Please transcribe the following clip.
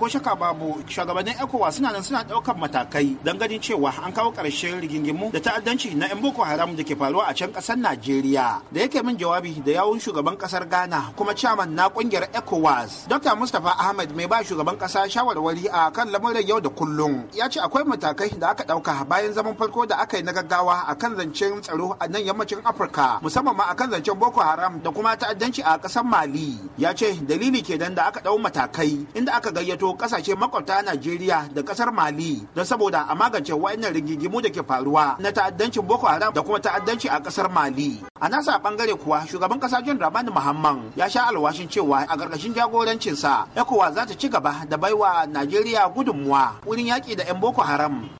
ko shaka babu shugabannin ecowas suna nan suna ɗaukar matakai don ganin cewa an kawo ƙarshen rigingimu da ta'addanci na 'yan boko haram da ke faruwa a can ƙasar najeriya da yake min jawabi da yawun shugaban ƙasar ghana kuma chairman na ƙungiyar ecowas dr mustapha ahmed mai ba shugaban ƙasa shawarwari a kan lamarin yau da kullum ya ce akwai matakai da aka ɗauka bayan zaman farko da aka yi na gaggawa a kan zancen tsaro a nan yammacin afirka musamman ma a kan zancen boko haram da kuma ta'addanci a ƙasar mali ya ce dalili kenan da aka ɗau matakai inda aka gayyato kasashe makwabta Najeriya da kasar Mali don saboda a magance wa'annan rigigimu da ke faruwa na ta'addancin Boko Haram da kuma ta'addanci a kasar Mali. A nasa bangare kuwa shugaban kasa John Dramani Mahamman ya sha alwashin cewa a ƙarƙashin jagorancinsa ECOWAS za ta ci gaba da baiwa Najeriya gudunmuwa wurin yaƙi da 'yan Boko Haram.